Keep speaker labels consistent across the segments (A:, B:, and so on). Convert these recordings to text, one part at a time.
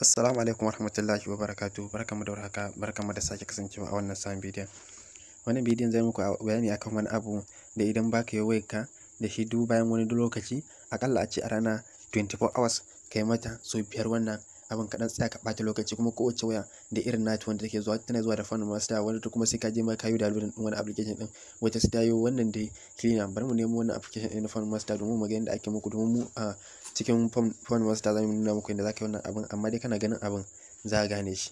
A: Assalamu alaikum warahmatullahi wabarakatuh barkamu da warhaka barkamu da sake kasancewa a wannan sabon bidiyon wannan bidiyon zai muku bayani akan wani abu da idan baka yi da shi duk bayan wani lokaci akalla a ce a rana 24 hours kai mata sau biyar wannan abin kaɗan tsaya ka ɓata lokaci kuma kowace waya da irin nata wanda take zuwa tana zuwa da fan master wanda kuma sai ka je ma kayu da downloading ɗin wani application ɗin wata su dayo wannan dai cleaner bari mu nemo wannan application ɗin na fan master domin mu ga inda ake muku domin mu a cikin fan master za mu nuna muku inda za ka yi wannan abin amma dai kana ganin abin za ka gane shi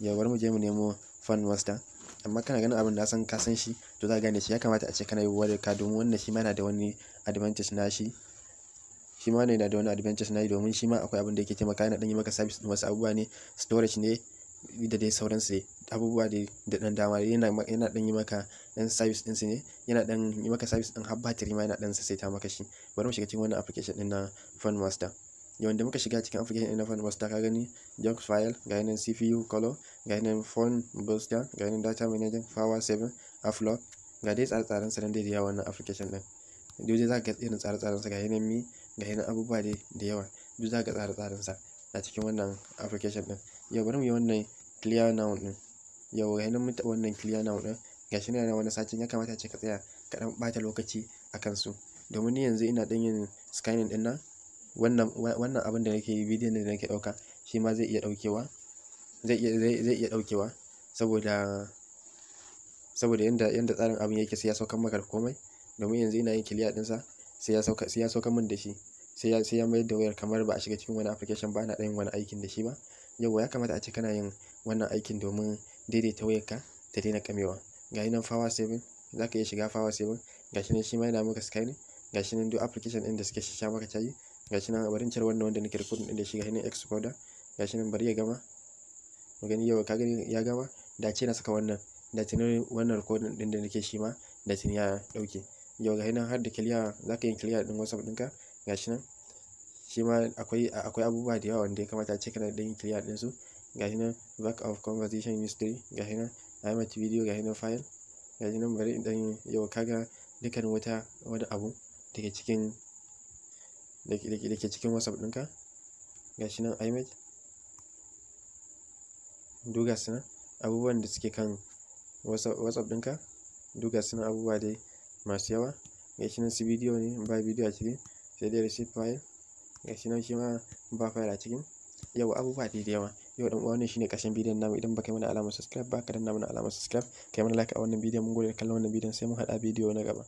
A: ya bari mu je mu nemo fan master amma kana ganin abin da san ka san shi to za ka gane shi ya kamata a ce kana yi wa ka domin wannan shi ma yana da wani advantage na shi shi ma yana da wani adventures na yi domin shi ma akwai abin da yake taimaka yana dan yi maka service din wasu abubuwa ne storage ne da dai sauransu ne abubuwa da da dan dama yana yana dan yi maka dan service din su ne yana dan yi maka service din har battery ma yana dan sassaita maka shi bari mu shiga cikin wannan application din na Phone Master yawan da muka shiga cikin application din na Phone Master ka gani junk file ga yanan CPU color ga yanan Phone Booster ga yanan data manager power 7 upload ga dai tsare-tsaren sanar dan dai da yawa wannan application din dole za ka ga irin tsare-tsaren sa ga yanan mi ga yanan abubuwa dai da yawa duk za ka ga tsare-tsaren sa a cikin wannan application ɗin yau bari mu yi wannan clear now din yau ga yanan mun taɓa wannan clear now ɗin ga shi na wani satin ya kamata ce ka tsaya ka ɗan ɓata lokaci a kansu domin ni yanzu ina ɗan yin scanning ɗin nan wannan wannan abin da nake yi bidiyon da nake ɗauka shi ma zai iya ɗaukewa zai iya zai iya ɗaukewa saboda saboda yanda yanda tsarin abin yake sai ya saukar maka da komai domin yanzu ina yin kiliya ɗinsa sai ya sauka sai ya sauka min da shi sai ya mayar da wayar kamar ba a shiga cikin wani application ba na ɗan wani aikin da shi ba yawwa ya kamata a ce kana yin wannan aikin domin daidaita ka ta daina kamewa ga yi nan fawa 7 za ka iya shiga fawa 7 ga shi nan shi ma yana maka scanning ga shi nan duk application ɗin da suke sha maka cayi ga shi nan bari in cire wannan wanda nake recording ɗin da shi ga shi nan ga shi nan bari ya gama mu gani yau ka gani ya gama da ce na saka wannan da tuni wannan recording ɗin da nake shi ma da tuni ya ɗauke yau ga hinan har da kiliya za ka yi kiliya din whatsapp ɗinka ga shi nan shi ma akwai akwai abubuwa da yawa wanda ya kamata a ce kana ɗan kiliya ɗin su ga shi nan back of conversation history ga shi nan mata video ga shi nan file ga shi nan bari ɗan yau kaga dukkan wata wani abu da ke cikin da ke cikin whatsapp ɗinka ga shi nan image duga su nan abubuwan da suke kan whatsapp ɗinka duga su nan abubuwa dai masu yawa shi nan su bidiyo ne ba bidiyo a ciki sai dai receipt file shi nan shi ma ba file a cikin yau abubuwa dai da yawa yau dan uwa wannan shine ƙarshen bidiyon namu idan baka yi mana alamar subscribe ba ka danna mana alamar subscribe kai mana like a wannan bidiyon mun gode da kallon wannan bidiyon sai mun haɗa bidiyo na gaba